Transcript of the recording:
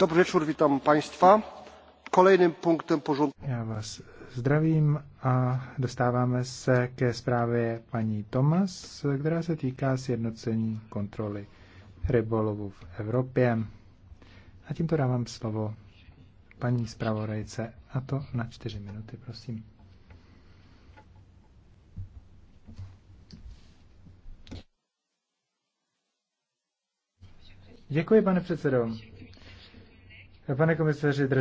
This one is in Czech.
Dobrý večer, vítám Já vás zdravím a dostáváme se ke zprávě paní Tomas, která se týká sjednocení kontroly rybolovu v Evropě. A tímto dávám slovo paní zpravodajce, a to na čtyři minuty, prosím. Děkuji, pane předsedo. Pane komisaři, drzí